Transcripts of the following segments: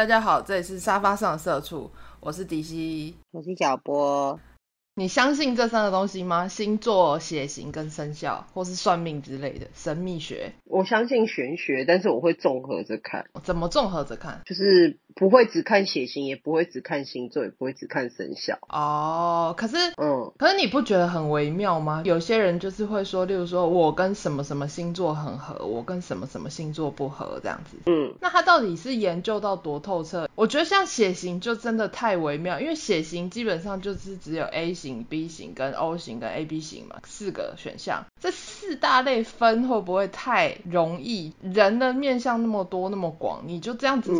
大家好，這裡是沙發上的社畜，我是迪西，我是小波。你相信這三個東西嗎？星座、血型跟生肖，或是算命之類的神秘學？我相信玄學，但是我會綜合着看。怎麼綜合着看？就是。不會只看血型，也不會只看星座，也不會只看生肖。哦，可是，嗯，可是你不覺得很微妙嗎？有些人就是會說，例如說我跟什麼什麼星座很合，我跟什麼什麼星座不合，這樣子。嗯，那他到底是研究到多透徹？我覺得像血型就真的太微妙，因為血型基本上就是只有 A 型、B 型跟 O 型跟 AB 型嘛，四個選項。這四大類分會不會太容易？人的面向那麼多那麼廣，你就這樣子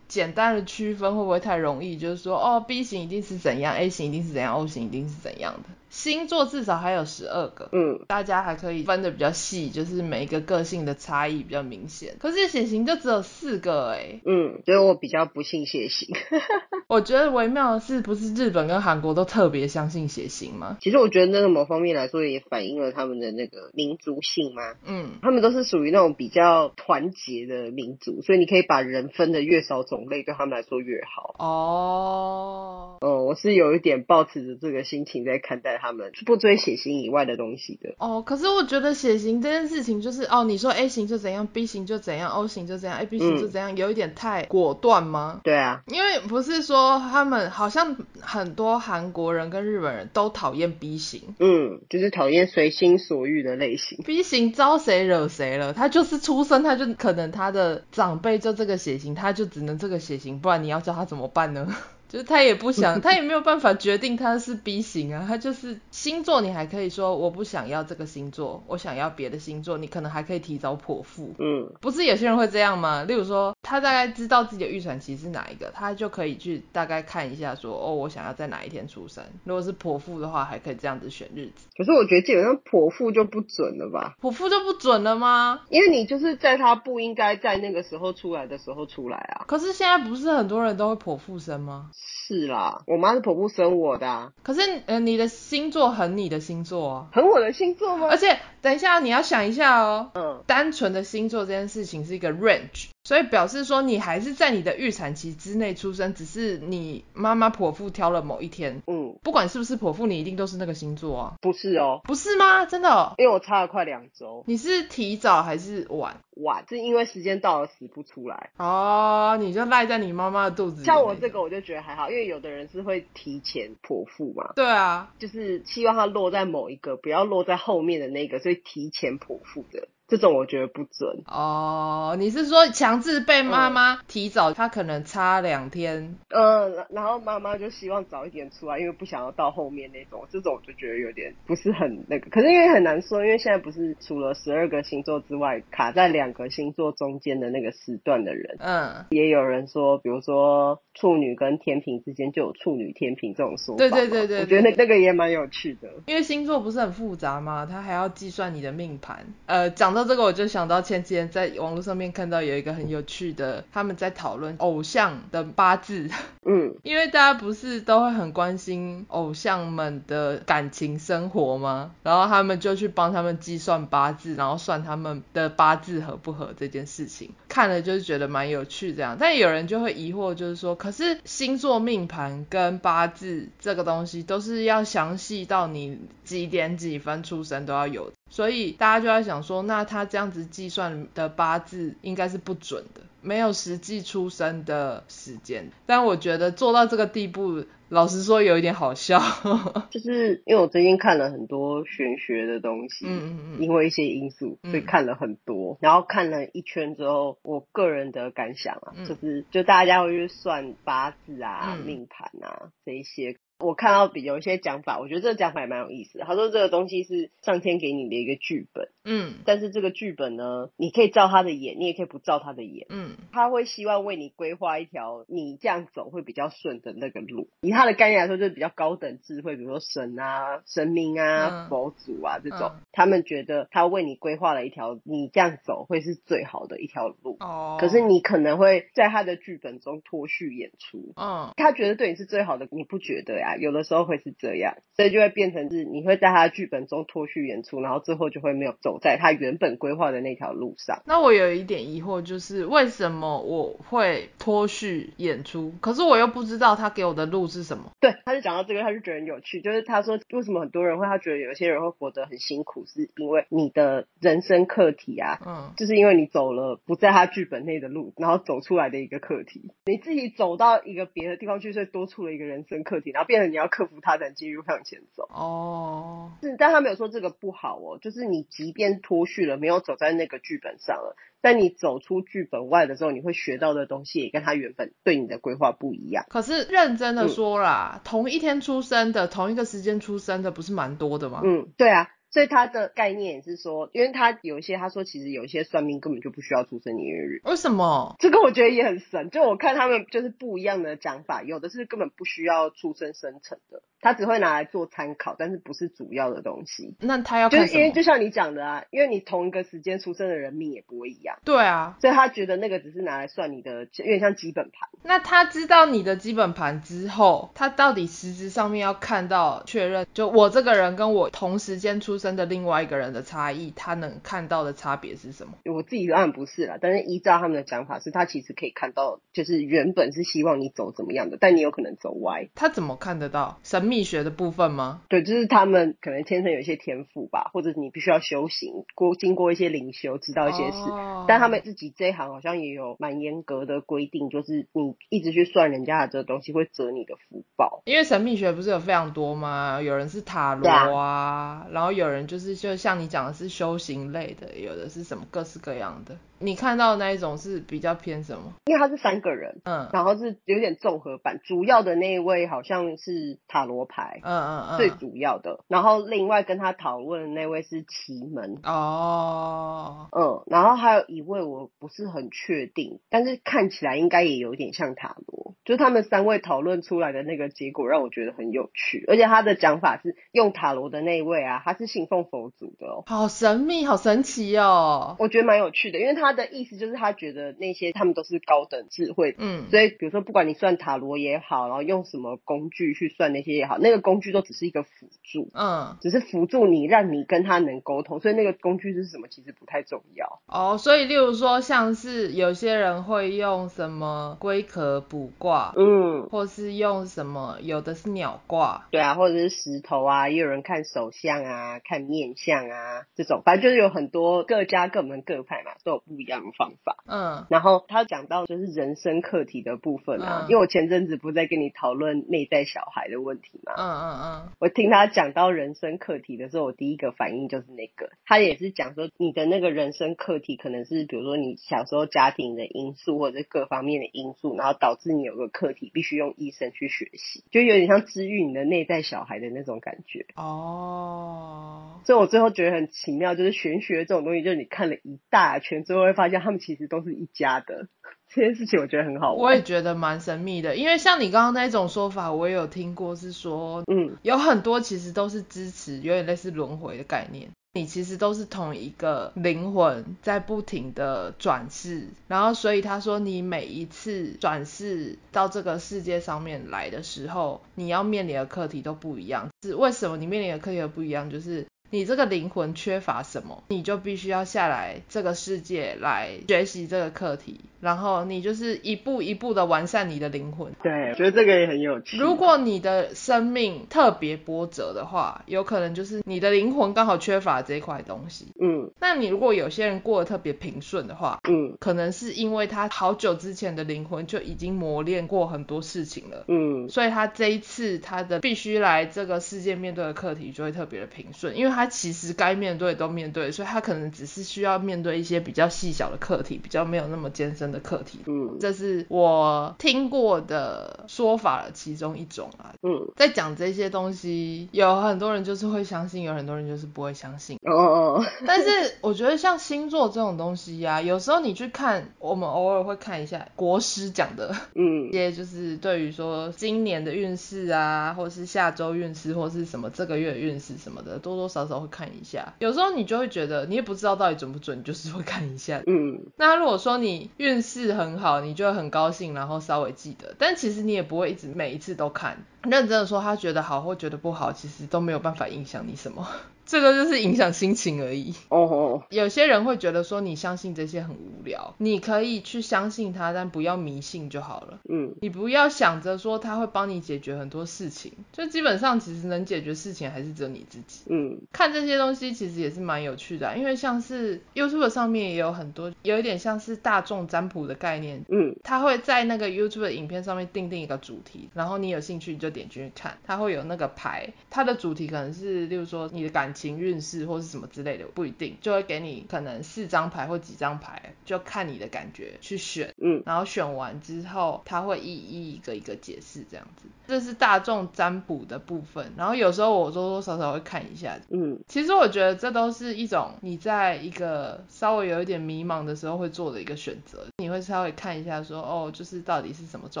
簡單的、嗯。區分會不會太容易？就是說哦，B 型一定是怎樣，A 型一定是怎樣，O 型一定是怎樣的。星座至少還有十二個，嗯，大家還可以分得比較細，就是每一個個性的差異比較明顯。可是血型就只有四個哎、欸，嗯，所以我比較不信血型。 我覺得微妙的是不是日本跟韓國都特別相信血型嗎？其實我覺得那個某方面來說也反映了他們的那個民族性嘛，嗯，他們都是屬於那種比較團結的民族，所以你可以把人分得越少種類就，他們來說越好哦，oh. 哦，我是有一點抱持着這個心情在看待他們，是不追血型以外的東西的哦。Oh, 可是我覺得血型這件事情就是哦，你說 A 型就怎樣，B 型就怎樣，O 型就怎樣，AB 型就怎樣，嗯，有一點太果斷嗎？對啊，因為不是說他們好像很多韓國人跟日本人都討厭 B 型，嗯，就是討厭隨心所欲的類型。B 型招誰惹誰了？他就是出生，他就可能他的長輩就這個血型，他就只能這個血型。不然你要叫他怎麼辦呢？ 就是他也不想，他也沒有辦法決定他是 B 型啊。他就是星座，你還可以說我不想要這個星座，我想要別的星座。你可能還可以提早剖腹，嗯，不是有些人會這樣嗎？例如說。他大概知道自己的預產期是哪一個，他就可以去大概看一下說，說哦，我想要在哪一天出生。如果是剖腹的話，還可以這樣子選日子。可是我覺得基本上剖腹就不準了吧？剖腹就不準了嗎？因為你就是在他不應該在那個時候出來的時候出來啊。可是現在不是很多人都會剖腹生嗎？是啦，我媽是剖腹生我的，啊。可是呃，你的星座很你的星座，啊，很我的星座嗎？而且等一下你要想一下哦，嗯，單純的星座這件事情是一個 range。所以表示說你還是在你的預產期之內出生，只是你媽媽剖腹挑了某一天。嗯，不管是不是剖腹，你一定都是那個星座啊。不是哦，不是嗎？真的？因為我差了快兩週。你是提早還是晚？晚，是因為時間到了死不出來。哦，你就賴在你媽媽的肚子的。像我這個我就覺得還好，因為有的人是會提前剖腹嘛。對啊，就是希望它落在某一個，不要落在後面的那個，所以提前剖腹的。這種我覺得不準哦，你是說強制被媽媽提早，他、嗯、可能差兩天，呃，然後媽媽就希望早一點出來，因為不想要到後面那種，這種我就覺得有點不是很那個。可是因為很難說，因為現在不是除了十二個星座之外，卡在兩個星座中間的那個時段的人，嗯，也有人說，比如說處女跟天秤之間就有處女天秤這種說法，對對對對，對對對對，我覺得、那個、那個也蠻有趣的，因為星座不是很複雜嗎？他還要計算你的命盤，呃，長。到這個我就想到，前幾天在網絡上面看到有一個很有趣的，他們在討論偶像的八字。嗯，因為大家不是都會很關心偶像們的感情生活嗎？然後他們就去幫他們計算八字，然後算他們的八字合不合這件事情，看了就是覺得蠻有趣這樣。但有人就會疑惑，就是說，可是星座命盤跟八字這個東西都是要詳細到你幾點幾分出生都要有的，所以大家就在想說，那。他這樣子計算的八字應該是不準的，沒有實際出生的時間。但我覺得做到這個地步，老實說有一點好笑。 就是因為我最近看了很多玄學的東西，嗯嗯、因為一些因素、嗯，所以看了很多。然後看了一圈之後，我個人的感想啊，就是就大家會去算八字啊、嗯、命盤啊這一些。我看到比有一些講法，我覺得這個講法也蠻有意思的。他說這個東西是上天給你的一個劇本，嗯，但是這個劇本呢，你可以照他的演，你也可以不照他的演，嗯，他會希望為你規劃一條你這樣走會比較順的那個路。以他的概念來說，就是比較高等智慧，比如說神啊、神明啊、嗯、佛祖啊這種、嗯，他們覺得他為你規劃了一條你這樣走會是最好的一條路。哦、嗯，可是你可能會在他的劇本中脫序演出，啊、嗯，他覺得對你是最好的，你不覺得呀？有的時候會是這樣，所以就會變成是你會在他劇本中脫序演出，然後最後就會沒有走在他原本規劃的那條路上。那我有一點疑惑，就是為什麼我會脫序演出？可是我又不知道他給我的路是什麼。對，他就講到這個，他就覺得很有趣。就是他說，為什麼很多人會他覺得有些人會活得很辛苦，是因為你的人生課題啊，嗯，就是因為你走了不在他劇本內的路，然後走出來的一個課題。你自己走到一個別的地方去，所以多出了一個人生課題，然後變。但你要克服它，才能繼續向前走。哦、oh. 嗯，但他沒有說這個不好哦，就是你即便脫序了，沒有走在那個劇本上了，但你走出劇本外的時候，你會學到的東西也跟他原本對你的規劃不一樣。可是認真的說啦，嗯、同一天出生的，同一個時間出生的，不是蠻多的嗎？嗯，對啊。所以他的概念也是說，因為他有一些，他說其實有一些算命根本就不需要出生年月日。為什麼？這個我覺得也很神。就我看他們就是不一樣的講法，有的是根本不需要出生生辰的。他只會拿來做參考，但是不是主要的東西。那他要看什麼？就是、因為就像你講的啊，因為你同一個時間出生的人命也不會一樣。對啊，所以他覺得那個只是拿來算你的，有點像基本盤。那他知道你的基本盤之後，他到底實質上面要看到確認，就我這個人跟我同時間出生的另外一個人的差異，他能看到的差別是什麼？我自己當然不是啦，但是依照他們的講法，是他其實可以看到，就是原本是希望你走怎麼樣的，但你有可能走歪。他怎麼看得到？秘學的部分嗎？對，就是他們可能天生有一些天賦吧，或者你必須要修行過，經過一些靈修，知道一些事。Oh. 但他們自己這一行好像也有蠻嚴格的規定，就是你一直去算人家的這個東西，會折你的福報。因為神秘學不是有非常多嗎？有人是塔羅啊，yeah. 然後有人就是就像你講的是修行類的，有的是什麼各式各樣的。你看到的那一種是比較偏什麼？因為他是三個人，嗯，然後是有點綜合版，主要的那一位好像是塔羅牌，嗯嗯，嗯，最主要的，然後另外跟他討論的那一位是奇門，哦，嗯，然後還有一位我不是很確定，但是看起來應該也有點像塔羅，就是他們三位討論出來的那個結果讓我覺得很有趣，而且他的講法是用塔羅的那一位啊，他是信奉佛祖的哦，好神秘，好神奇哦，我覺得蠻有趣的，因為他。他的意思就是，他覺得那些他們都是高等智慧，嗯，所以比如說，不管你算塔羅也好，然後用什麼工具去算那些也好，那個工具都只是一個輔助，嗯，只是輔助你，讓你跟他能溝通。所以那個工具是什麼，其實不太重要。哦，所以例如說，像是有些人會用什麼龜殼卜卦，嗯，或是用什麼，有的是鳥卦，對啊，或者是石頭啊，也有人看手相啊，看面相啊，這種，反正就是有很多各家各門各派嘛，都有。不一樣的方法，嗯，然後他講到就是人生課題的部分啊，嗯、因為我前陣子不是在跟你討論內在小孩的問題嘛，嗯嗯嗯，我聽他講到人生課題的時候，我第一個反應就是那個，他也是講說你的那個人生課題可能是比如說你小時候家庭的因素或者各方面的因素，然後導致你有個課題必須用一生去學習，就有點像治癒你的內在小孩的那種感覺哦，所以我最後覺得很奇妙，就是玄學這種東西，就是你看了一大圈之後。會發現他們其實都是一家的，這件事情我覺得很好玩，我也覺得蠻神秘的。因為像你剛剛那種說法，我也有聽過是說，嗯，有很多其實都是支持有點類似輪回的概念，你其實都是同一個靈魂在不停的轉世，然後所以他說你每一次轉世到這個世界上面來的時候，你要面臨的課題都不一樣。是為什麼你面臨的課題都不一樣？就是。你這個靈魂缺乏什麼，你就必須要下來這個世界來學習這個課題，然後你就是一步一步的完善你的靈魂。對，我覺得這個也很有趣。如果你的生命特別波折的話，有可能就是你的靈魂剛好缺乏這一塊東西。嗯，那你如果有些人過得特別平順的話，嗯，可能是因為他好久之前的靈魂就已經磨練過很多事情了。嗯，所以他這一次他的必須來這個世界面對的課題就會特別的平順，因為。他其實該面對都面對，所以他可能只是需要面對一些比較細小的課題，比較沒有那麼艱深的課題。嗯，這是我聽過的說法的其中一種啊。嗯，在講這些東西，有很多人就是會相信，有很多人就是不會相信。哦哦。 但是我覺得像星座這種東西呀、啊，有時候你去看，我們偶爾會看一下國師講的，嗯，一些就是對於說今年的運勢啊，或是下周運勢，或是什麼這個月運勢什麼的，多多少少。時候會看一下，有時候你就會覺得你也不知道到底準不準，就是會看一下。嗯，那如果說你運勢很好，你就會很高興，然後稍微記得。但其實你也不會一直每一次都看。認真的說，他覺得好或覺得不好，其實都沒有辦法影響你什麼。這個就是影響心情而已。哦哦，有些人會覺得說你相信這些很無聊，你可以去相信他，但不要迷信就好了。嗯，你不要想着說他會幫你解決很多事情，就基本上其實能解決事情還是只有你自己。嗯，看這些東西其實也是蠻有趣的啊，因為像是 YouTube 上面也有很多，有一點像是大眾占卜的概念。嗯，他會在那個 YouTube 的影片上面訂定一個主題，然後你有興趣你就點進去看，他會有那個牌，他的主題可能是例如說你的感。情運勢或是什麼之類的不一定，就會給你可能四張牌或幾張牌，就看你的感覺去選，嗯，然後選完之後他會一一一個一個解釋這樣子，這是大眾占卜的部分。然後有時候我多多少少會看一下，嗯，其實我覺得這都是一種你在一個稍微有一點迷茫的時候會做的一個選擇。你會稍微看一下說，說哦，就是到底是什麼狀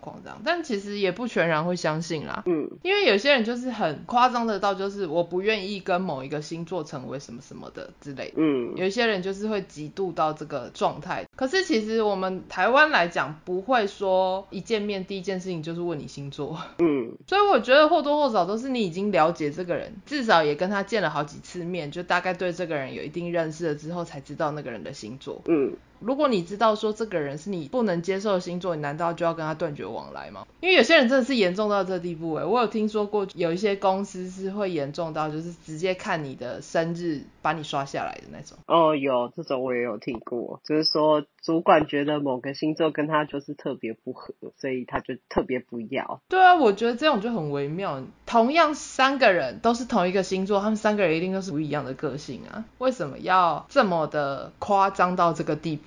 況這樣，但其實也不全然會相信啦，嗯，因為有些人就是很誇張的到，就是我不願意跟某一個星座成為什麼什麼的之類的，嗯，有一些人就是會極度到這個狀態，可是其實我們台灣來講，不會說一見面第一件事情就是問你星座，嗯， 所以我覺得或多或少都是你已經了解這個人，至少也跟他見了好幾次面，就大概對這個人有一定認識了之後，才知道那個人的星座，嗯。如果你知道說這個人是你不能接受的星座，你難道就要跟他斷絕往來嗎？因為有些人真的是嚴重到這個地步誒、欸，我有聽說過有一些公司是會嚴重到就是直接看你的生日把你刷下來的那種。哦，有，這種我也有聽過，就是說主管覺得某個星座跟他就是特別不合，所以他就特別不要。對啊，我覺得這種就很微妙。同樣三個人都是同一個星座，他們三個人一定都是不一樣的個性啊，為什麼要這麼的誇張到這個地步？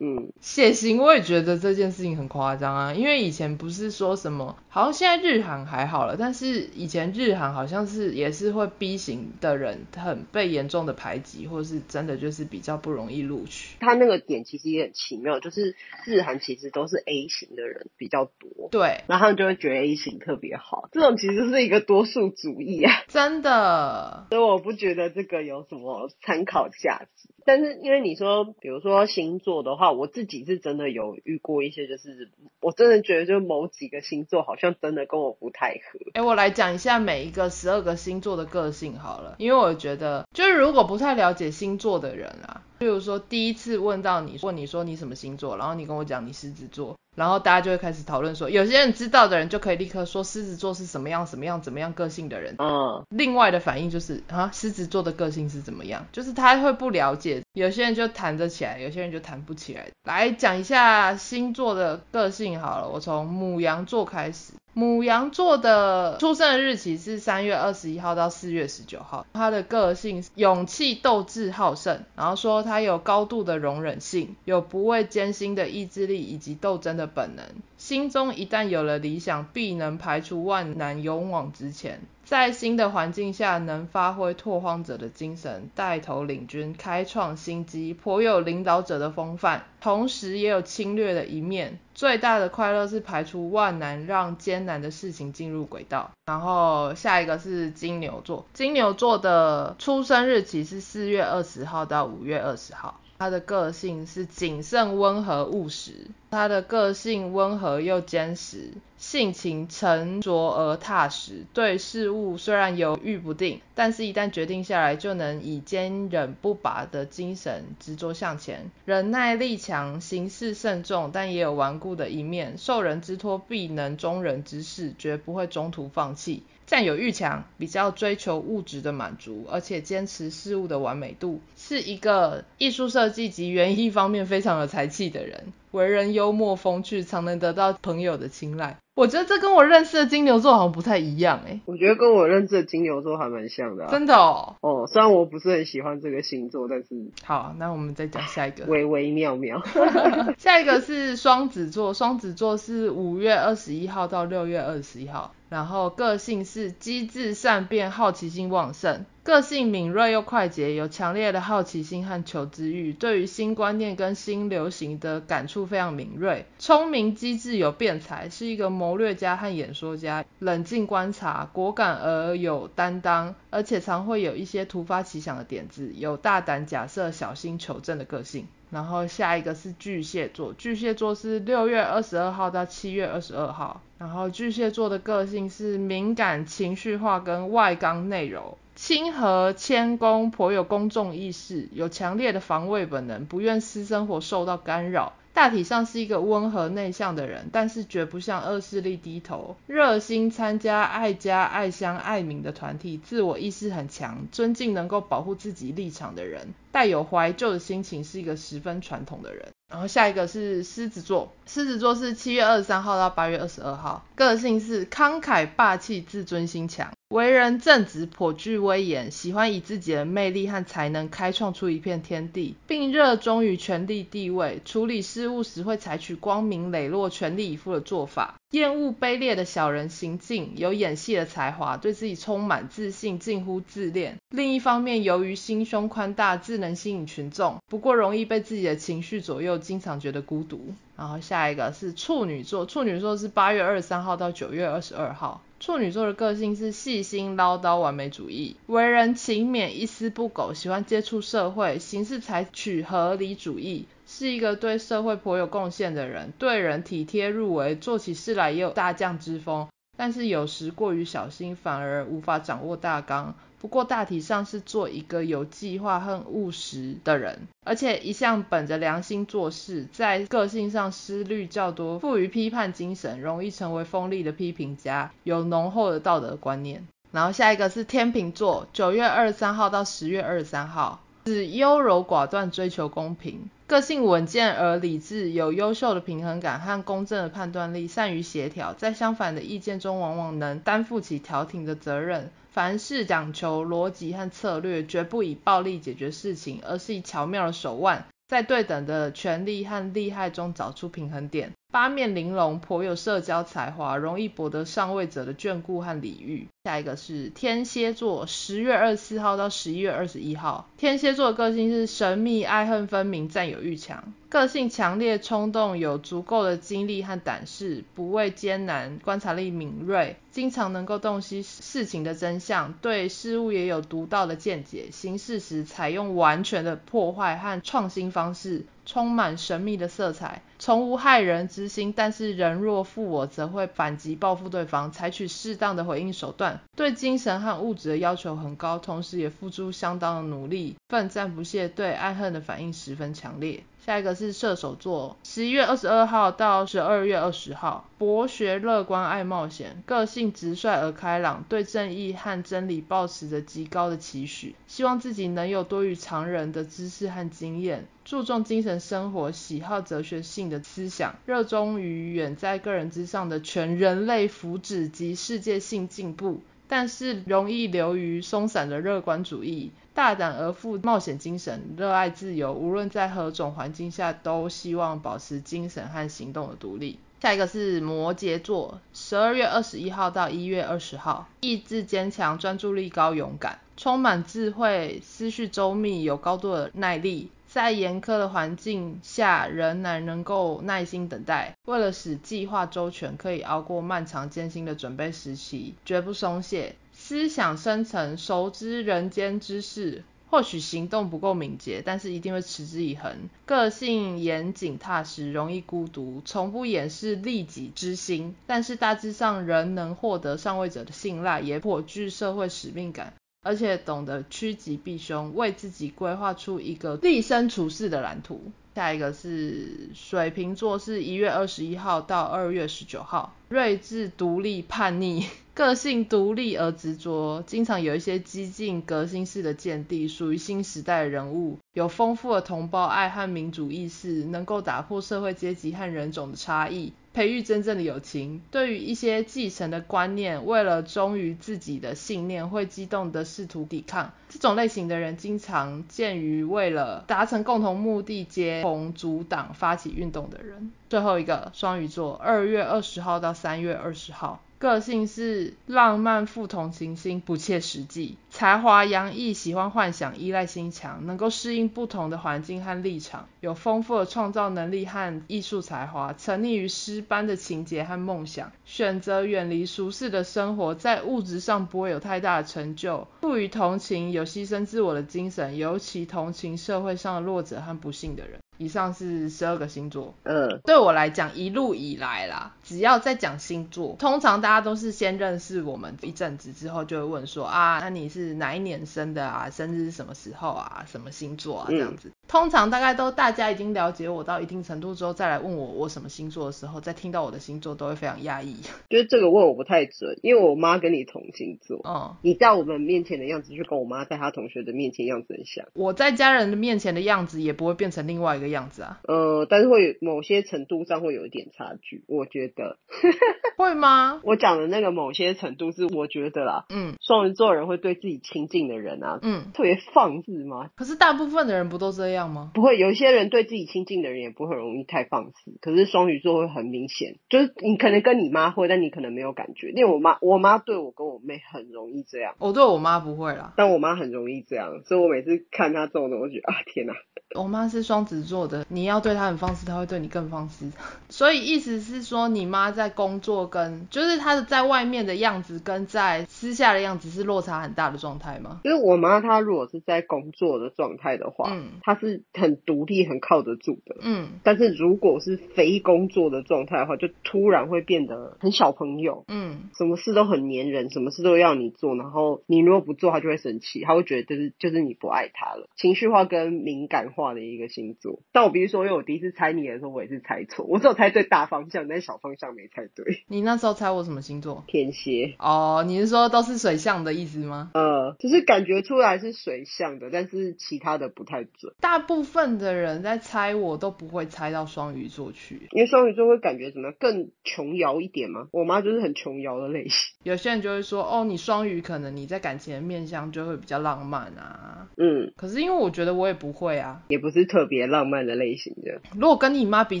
嗯，血型我也覺得這件事情很誇張啊，因為以前不是說什麼，好像現在日韓還好了，但是以前日韓好像是也是會 B 型的人很被嚴重的排擠，或是真的就是比較不容易錄取。他那個點其實也很奇妙，就是日韓其實都是 A 型的人比較多，對，然後就會覺得 A 型特別好，這種其實是一個多數主義啊，真的。所以我不覺得這個有什麼參考價值，但是因為你說，比如說行。做的話，我自己是真的有遇過一些，就是我真的覺得，就某幾個星座好像真的跟我不太合。哎、欸，我來講一下每一個十二個星座的個性好了，因為我覺得，就是如果不太了解星座的人啊。比如說，第一次問到你，問你說你什麼星座，然後你跟我講你獅子座，然後大家就會開始討論說，有些人知道的人就可以立刻說獅子座是什麼樣什麼樣怎麼樣個性的人，嗯、uh.，另外的反應就是啊，獅子座的個性是怎麼樣，就是他會不了解，有些人就談得起來，有些人就談不起來。來講一下星座的個性好了，我從牡羊座開始。牡羊座的出生的日期是三月二十一號到四月十九號。他的個性勇氣、鬥志、好勝，然後說他有高度的容忍性，有不畏艱辛的意志力以及鬥爭的本能。心中一旦有了理想，必能排除萬難，勇往直前。在新的環境下能發揮拓荒者的精神，帶頭領軍，開創新機，頗有領導者的風範。同時也有侵略的一面。最大的快樂是排除萬難，讓艱難的事情進入軌道。然後下一個是金牛座，金牛座的出生日期是四月二十號到五月二十號。他的個性是謹慎、溫和、務實。他的個性溫和又堅實，性情沉着而踏實。對事物雖然猶豫不定，但是一旦決定下來，就能以堅韌不拔的精神執着向前。忍耐力強，行事慎重，但也有頑固的一面。受人之托，必能忠人之事，絕不會中途放棄。佔有欲強，比較追求物質的滿足，而且堅持事物的完美度，是一個藝術設計及園藝方面非常有才氣的人。為人幽默風趣，常能得到朋友的青睞。我覺得這跟我認識的金牛座好像不太一樣誒、欸。我覺得跟我認識的金牛座還蠻像的、啊。真的哦。哦，雖然我不是很喜歡這個星座，但是好、啊，那我們再講下一個。微微妙妙。 下一個是雙子座，雙子座是五月二十一號到六月二十一號。然後個性是機智善變、好奇心旺盛，個性敏銳又快捷，有強烈的好奇心和求知慾，對於新觀念跟新流行的感觸非常敏銳，聰明機智有辯才，是一個謀略家和演說家，冷靜觀察，果敢而有擔當，而且常會有一些突發奇想的點子，有大膽假設、小心求證的個性。然後下一個是巨蟹座，巨蟹座是六月二十二號到七月二十二號。然後巨蟹座的個性是敏感、情緒化跟外剛內柔，親和、謙恭，頗有公眾意識，有強烈的防衛本能，不願私生活受到干擾。大體上是一個溫和內向的人，但是絕不向惡勢力低頭，熱心參加愛家、愛鄉、愛民的團體，自我意識很強，尊敬能夠保護自己立場的人。帶有懷舊的心情，是一個十分傳統的人。然後下一個是獅子座，獅子座是七月二十三號到八月二十二號，個性是慷慨、霸氣、自尊心強，為人正直、頗具威嚴，喜歡以自己的魅力和才能開創出一片天地，並熱衷於權力地位。處理事務時會採取光明磊落、全力以赴的做法。厭惡卑劣的小人行徑，有演戲的才華，對自己充滿自信，近乎自戀。另一方面，由於心胸寬大，自能吸引群眾，不過容易被自己的情緒左右，經常覺得孤獨。然後下一個是處女座，處女座是八月二十三號到九月二十二號。處女座的個性是細心、嘮叨、完美主義，為人勤勉、一絲不苟，喜歡接觸社會，行事採取合理主義。是一個對社會頗有貢獻的人，對人體貼入微，做起事來也有大將之風。但是有時過於小心，反而無法掌握大綱。不過大體上是做一個有計劃很務實的人，而且一向本着良心做事。在個性上思慮較多，富於批判精神，容易成為鋒利的批評家，有濃厚的道德觀念。然後下一個是天秤座，九月二十三號到十月二十三號，只優柔寡斷，追求公平。個性穩健而理智，有優秀的平衡感和公正的判斷力，善於協調，在相反的意見中往往能擔負起調停的責任。凡事講求邏輯和策略，絕不以暴力解決事情，而是以巧妙的手腕，在對等的權利和利害中找出平衡點。八面玲瓏，頗有社交才華，容易博得上位者的眷顧和禮遇。下一個是天蠍座，十月二十四號到十一月二十一號。天蠍座的個性是神秘、愛恨分明、占有欲強，個性強烈、衝動，有足夠的精力和膽識，不畏艱難，觀察力敏銳，經常能夠洞悉事情的真相，對事物也有獨到的見解。行事時採用完全的破壞和創新方式，充滿神秘的色彩，從無害人心，但是人若負我，則會反擊報復對方，採取適當的回應手段。對精神和物質的要求很高，同時也付出相當的努力，奮戰不懈。對愛恨的反應十分強烈。下一個是射手座，十一月二十二號到十二月二十號。博學、樂觀、愛冒險，個性直率而開朗，對正義和真理抱持着極高的期許，希望自己能有多於常人的知識和經驗，注重精神生活，喜好哲學性的思想，熱衷於遠在個人之上的全人類福祉及世界性進步。但是容易流於鬆散的樂觀主義，大膽而富冒險精神，熱愛自由，無論在何種環境下都希望保持精神和行動的獨立。下一個是摩羯座，十二月二十一號到一月二十號，意志堅強，專注力高，勇敢，充滿智慧，思緒周密，有高度的耐力。在嚴苛的環境下，仍然能夠耐心等待。為了使計劃周全，可以熬過漫長艱辛的準備時期，絕不鬆懈。思想深沉，熟知人間之事。或許行動不夠敏捷，但是一定會持之以恆。個性嚴謹踏實，容易孤獨，從不掩飾利己之心。但是大致上仍能獲得上位者的信賴，也頗具社會使命感。而且懂得趨吉避凶，為自己規劃出一個立身處世的藍圖。下一個是水瓶座，是一月二十一號到二月十九號。睿智、獨立、叛逆，個性獨立而執着，經常有一些激進、革新式的見地，屬於新時代的人物。有豐富的同胞愛和民主意識，能夠打破社會階級和人種的差異。培育真正的友情。對於一些繼承的觀念，為了忠於自己的信念，會激動地試圖抵抗。這種類型的人經常見於為了達成共同目的結盟、組黨、發起運動的人。最後一個，雙魚座，二月二十號到三月二十號。個性是浪漫、富同情心、不切實際，才華洋溢，喜歡幻想，依賴心強，能夠適應不同的環境和立場，有豐富的創造能力和藝術才華，沉溺於詩般的情節和夢想，選擇遠離俗世的生活，在物質上不會有太大的成就，富於同情，有犧牲自我的精神，尤其同情社會上的弱者和不幸的人。以上是十二個星座。嗯、uh.，對我來講，一路以來啦，只要在講星座，通常大家都是先認識我們一陣子之後，就會問說啊，那你是哪一年生的啊？生日是什麼時候啊？什麼星座啊？嗯、這樣子。通常大概都大家已經了解我到一定程度之後再來問我我什麼星座的時候，再聽到我的星座都會非常訝異。就是這個問我不太準，因為我媽跟你同星座。哦，你在我們面前的樣子就跟我媽在她同學的面前樣子很像。我在家人的面前的樣子也不會變成另外一個樣子啊。呃，但是會某些程度上會有一點差距，我覺得。 會嗎？我講的那個某些程度是我覺得啦。嗯，雙魚座人會對自己親近的人啊，嗯，特別放肆嗎？可是大部分的人不都這樣？不會，有一些人對自己親近的人也不會容易太放肆，可是雙魚座會很明顯，就是你可能跟你媽會，但你可能沒有感覺。因為我媽，我媽對我跟我妹很容易這樣，我、哦、對我媽不會啦，但我媽很容易這樣，所以我每次看她這種的，我覺得啊天哪、啊！我媽是雙子座的，你要對她很放肆，她會對你更放肆。 所以意思是說，你媽在工作跟就是她的在外面的樣子跟在私下的樣子是落差很大的狀態嗎？因為我媽她如果是在工作的狀態的話，嗯，她是。是很獨立、很靠得住的，嗯。但是如果是非工作的狀態的話，就突然會變得很小朋友，嗯。什麼事都很黏人，什麼事都要你做，然後你如果不做，他就會生氣，他會覺得就是就是你不愛他了。情緒化跟敏感化的一個星座。但我比如說，因為我第一次猜你的時候，我也是猜錯，我只有猜對大方向，但是小方向沒猜對。你那時候猜我什麼星座？天蠍。哦，你是說都是水象的意思嗎？呃，就是感覺出來是水象的，但是其他的不太準。大部分的人在猜我都不會猜到雙魚座去，因為雙魚座會感覺怎麼樣？更瓊瑤一點嗎？我媽就是很瓊瑤的類型。有些人就會說，哦，你雙魚，可能你在感情的面向就會比較浪漫啊。嗯，可是因為我覺得我也不會啊，也不是特別浪漫的類型這樣。如果跟你媽比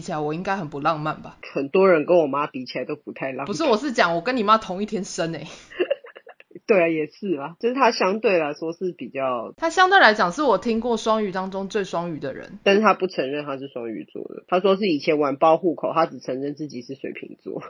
起來，我應該很不浪漫吧？很多人跟我媽比起來都不太浪漫。不是，我是講我跟你媽同一天生哎、欸。 對啊，也是啊，就是他相對來說是比較，他相對來講是我聽過雙魚當中最雙魚的人，但是他不承認他是雙魚座的，他說是以前晚報戶口，他只承認自己是水瓶座。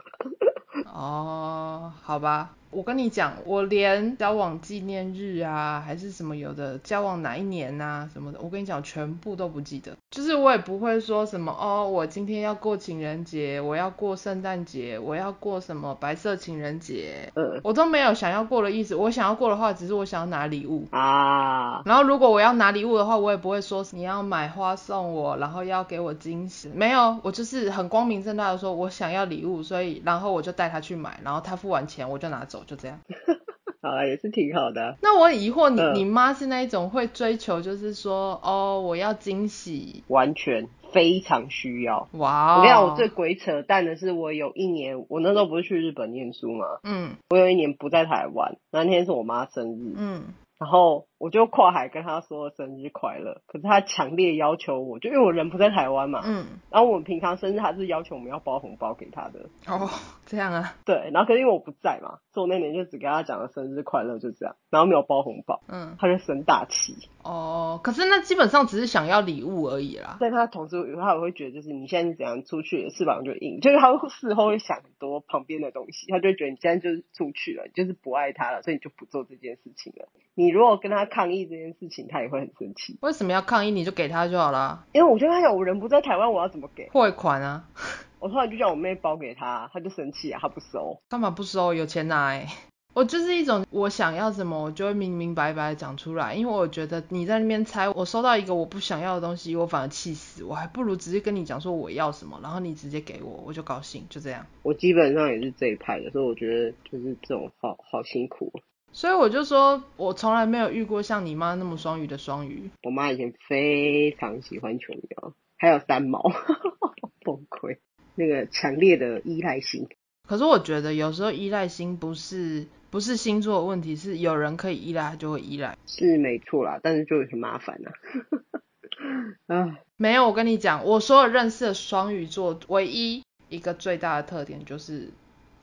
哦，好吧。我跟你講，我連交往紀念日啊，還是什麼有的交往哪一年吶、啊、什麼的，我跟你講全部都不記得。就是我也不會說什麼哦，我今天要過情人節，我要過聖誕節，我要過什麼白色情人節，呃、嗯，我都沒有想要過的意思。我想要過的話，只是我想要拿禮物啊。然後如果我要拿禮物的話，我也不會說你要買花送我，然後要給我驚喜，沒有，我就是很光明正大的說我想要禮物，所以然後我就帶他去買，然後他付完錢我就拿走。就這樣， 好啊，也是挺好的。那我疑惑，嗯、你你媽是那一種會追求，就是說，哦，我要驚喜，完全非常需要。哇、wow！我跟你講，我最鬼扯淡的是，我有一年，我那時候不是去日本念書嗎？嗯，我有一年不在台灣，那天是我媽生日。嗯，然後。我就跨海跟他說生日快樂，可是他強烈要求我，就因為我人不在台灣嘛。嗯。然後我們平常生日他是要求我們要包紅包給他的。哦，這樣啊。對，然後可是因為我不在嘛，所以我那年就只跟他講了生日快樂，就這樣，然後沒有包紅包。嗯。他就生大氣。哦，可是那基本上只是想要禮物而已啦。但他同時他也會覺得就是你現在是怎樣，出去了，翅膀就硬，就是他事後會想很多旁邊的東西，他就覺得你今天就是出去了，你就是不愛他了，所以你就不做這件事情了。你如果跟他。抗議這件事情，他也會很生氣。為什麼要抗議？你就給他就好啦，因為我覺得有人不在台灣，我要怎麼給？匯款啊！我後來就叫我妹包給他，他就生氣啊，他不收。幹嘛不收？有錢拿誒、欸、我就是一種，我想要什麼，我就會明明白白講出來。因為我覺得你在那邊猜，我收到一個我不想要的東西，我反而氣死。我還不如直接跟你講說我要什麼，然後你直接給我，我就高興，就這樣。我基本上也是這一派的，所以我覺得就是這種好好辛苦。所以我就說，我從來沒有遇過像你媽那麼雙魚的雙魚。我媽以前非常喜歡瓊瑤，還有三毛， 崩潰。那個強烈的依賴心。可是我覺得有時候依賴心不是，不是星座的問題，是有人可以依賴就會依賴。是沒錯啦，但是就很麻煩吶、啊。啊， 沒有，我跟你講，我所有認識的雙魚座，唯一一個最大的特點就是。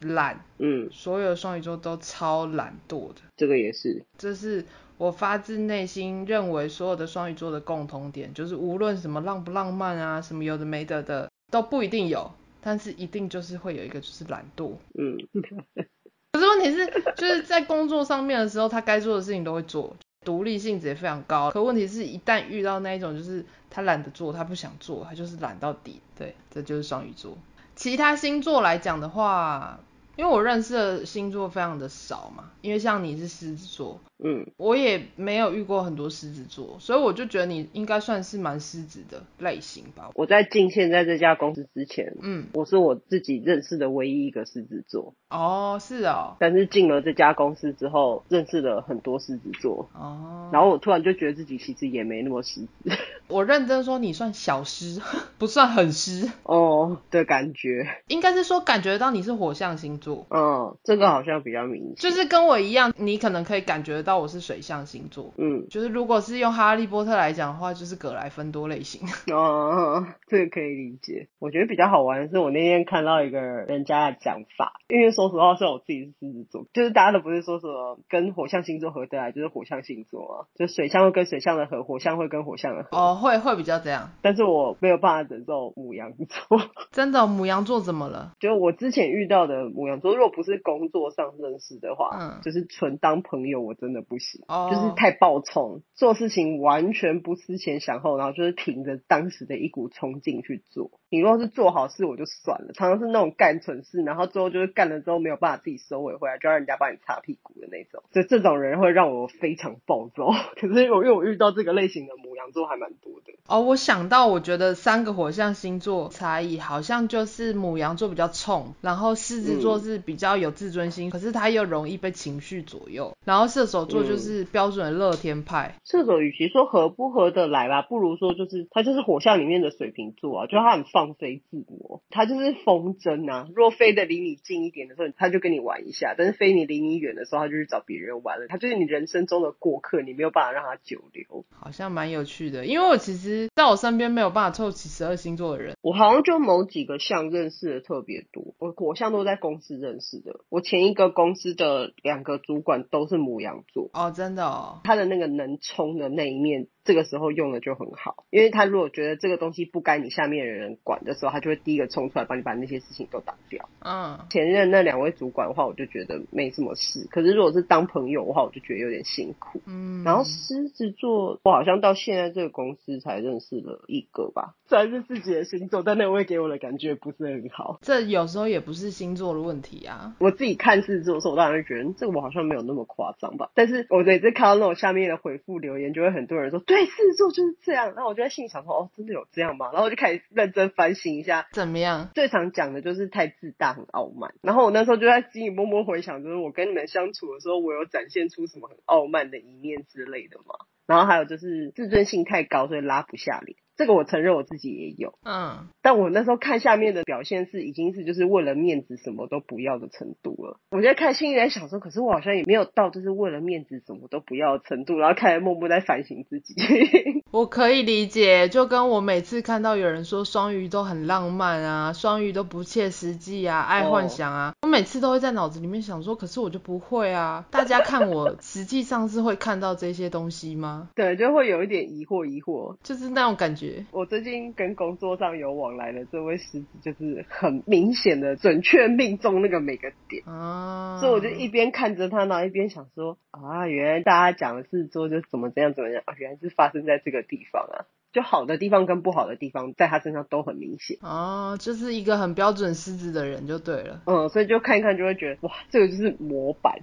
懶，嗯，所有的雙魚座都超懶惰的。這個也是，這是我發自內心認為所有的雙魚座的共同點，就是無論什麼浪不浪漫啊，什麼有的沒得的的，都不一定有，但是一定就是會有一個就是懶惰，嗯。 可是問題是，就是在工作上面的時候，他該做的事情都會做，獨立性質也非常高。可問題是，一旦遇到那一種就是他懶得做，他不想做，他就是懶到底。對，這就是雙魚座。其他星座來講的話。因為我認識的星座非常的少嘛，因為像你是獅子座。嗯，我也沒有遇過很多獅子座，所以我就覺得你應該算是蠻獅子的類型吧。我在進現在這家公司之前，嗯，我是我自己認識的唯一一個獅子座。哦，是哦。但是進了這家公司之後，認識了很多獅子座。哦。然後我突然就覺得自己其實也沒那麼獅子。我認真說，你算小獅，不算很獅。哦。的感覺。應該是說感覺得到你是火象星座。嗯，這個好像比較明顯。就是跟我一樣，你可能可以感覺。知道我是水象星座，嗯，就是如果是用哈利波特來講的話，就是葛萊分多類型。哦，這個可以理解。我覺得比較好玩的是，我那天看到一個人家的講法，因為說實話，是我自己是獅子座，就是大家都不是說什麼跟火象星座合得來，就是火象星座啊，就水象會跟水象的合，火象會跟火象的合。哦，會會比較這樣。但是我沒有辦法忍受牡羊座。真的哦，牡羊座怎麼了？就我之前遇到的牡羊座，如果不是工作上認識的話，嗯，就是純當朋友，我真的。不行，oh，就是太暴衝，做事情完全不思前想後，然後就是憑着當時的一股衝勁去做。你若是做好事我就算了，常常是那種幹蠢事，然後最後就是幹了之後沒有辦法自己收尾回來，就讓人家幫你擦屁股的那種。所以這種人會讓我非常暴躁。可是因為我遇到這個類型的牡羊座還蠻多的。哦、oh，我想到，我覺得三個火象星座差異好像就是牡羊座比較衝，然後獅子座是比較有自尊心，嗯，可是他又容易被情緒左右，然後射手座就是標準的樂天派。射、嗯、手，與其說合不合得來吧，不如說就是他就是火象裡面的水瓶座啊，就他很放飛自我，他就是風箏啊。若飛得離你近一點的時候，他就跟你玩一下，但是飛你離你遠的時候，他就去找別人玩了。他就是你人生中的過客，你沒有辦法讓他久留。好像蠻有趣的，因為我其實在我身邊沒有辦法湊齊十二星座的人，我好像就某幾個象認識的特別多。我火象都在公司認識的，我前一個公司的兩個主管都是牡羊座。哦，真的哦，他的那個能衝的那一面，這個時候用的就很好，因為他如果覺得這個東西不該你下面的人管的時候，他就會第一個衝出來幫你把那些事情都打掉。嗯，前任那兩位主管的話，我就覺得沒什麼事，可是如果是當朋友的話，我就覺得有點辛苦。嗯，然後獅子座，我好像到現在這個公司才認識了一個吧。雖然是自己的星座，但那位給我的感覺不是很好。這有時候也不是星座的問題啊。我自己看獅子座的時候，我當然會覺得這個我好像沒有那麼誇張吧。但是我每次看到那種下面的回復留言，就會很多人說，對，獅子座就是這樣。然後我就在心裡想說，哦，真的有這樣嗎？然後我就開始認真反省一下，怎麼樣？最常講的就是太自大、很傲慢。然後我那時候就在心裡默默回想，就是我跟你們相處的時候，我有展現出什麼很傲慢的一面之類的嗎？然後還有就是自尊心太高，所以拉不下臉。這個我承認我自己也有，嗯，但我那時候看下面的表現是已經是就是為了面子什麼都不要的程度了。我在看心一點想說，可是我好像也沒有到就是為了面子什麼都不要的程度，然後開始默默在反省自己。 我可以理解，就跟我每次看到有人說雙魚都很浪漫啊，雙魚都不切實際啊，愛幻想啊，Oh. 我每次都會在腦子裡面想說，可是我就不會啊。大家看我，實際上是會看到這些東西嗎？對，就會有一點疑惑，疑惑，就是那種感覺。我最近跟工作上有往來的這位獅子，就是很明顯的準確命中那個每個點啊，Ah. 所以我就一邊看着他呢，然後一邊想說啊，原來大家講的是說，就怎麼這樣怎麼樣啊，原來是發生在這個。地方啊，就好的地方跟不好的地方，在他身上都很明顯啊，就是一個很標準獅子的人就對了，嗯，所以就看一看就會覺得，哇，這個就是模板。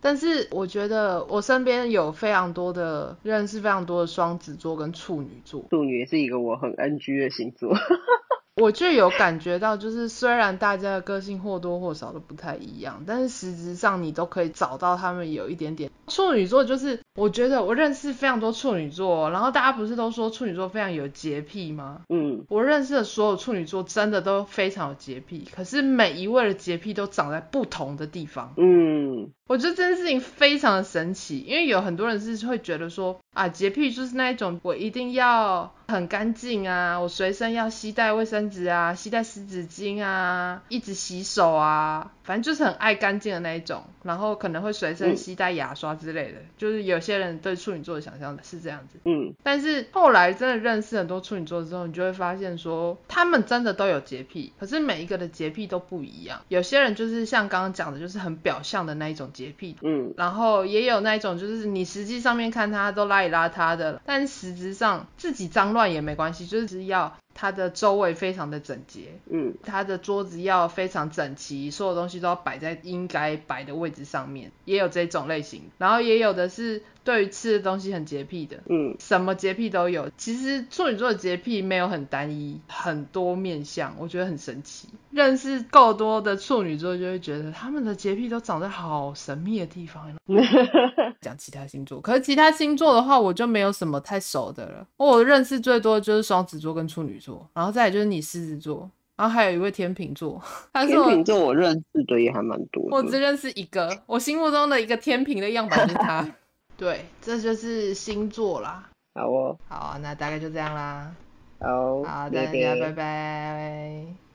但是我覺得我身邊有非常多的認識，非常多的雙子座跟處女座，處女也是一個我很 NG 的星座， 我就有感覺到，就是雖然大家的個性或多或少都不太一樣，但是實質上你都可以找到他們有一點點。處女座就是，我覺得我認識非常多處女座，然後大家不是都說處女座非常有潔癖嗎？嗯，我認識的所有處女座真的都非常有潔癖，可是每一位的潔癖都長在不同的地方。嗯，我覺得這件事情非常的神奇，因為有很多人是會覺得說啊，潔癖就是那一種我一定要很乾淨啊，我隨身要攜帶衛生紙啊，攜帶濕紙巾啊，一直洗手啊，反正就是很愛乾淨的那一種，然後可能會隨身攜帶牙刷。嗯之類的，就是有些人對處女座的想象是這樣子，嗯，但是後來真的認識很多處女座之後，你就會發現說，他們真的都有潔癖，可是每一個的潔癖都不一樣。有些人就是像剛剛講的，就是很表象的那一種潔癖，嗯，然後也有那一種就是你實際上面看他都邋裡邋遢的，但實質上自己髒亂也沒關係，就是要。他的周圍非常的整潔，嗯，他的桌子要非常整齊，所有東西都要擺在應該擺的位置上面，也有這種類型，然後也有的是對於吃的東西很潔癖的，嗯，什麼潔癖都有，其實處女座的潔癖沒有很單一，很多面向，我覺得很神奇。認識夠多的處女座，就會覺得他們的潔癖都長在好神祕的地方。講 其他星座，可是其他星座的話，我就沒有什麼太熟的了。我認識最多的就是雙子座跟處女座，然後再來就是你獅子座，然後還有一位天秤座。是天秤座，我認識的也還蠻多，是是。我只認識一個，我心目中的一個天秤的樣板，是他。 對，這就是星座啦。好哦，好，啊，那大概就這樣啦。好，再見，拜拜。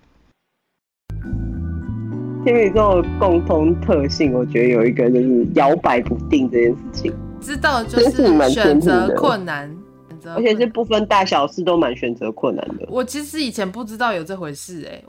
天秤座共通特性，我覺得有一個就是搖擺不定這件事情，知道就是選擇困難，而且是不分大小事都蠻選擇困難的。我其實以前不知道有這回事、欸，哎。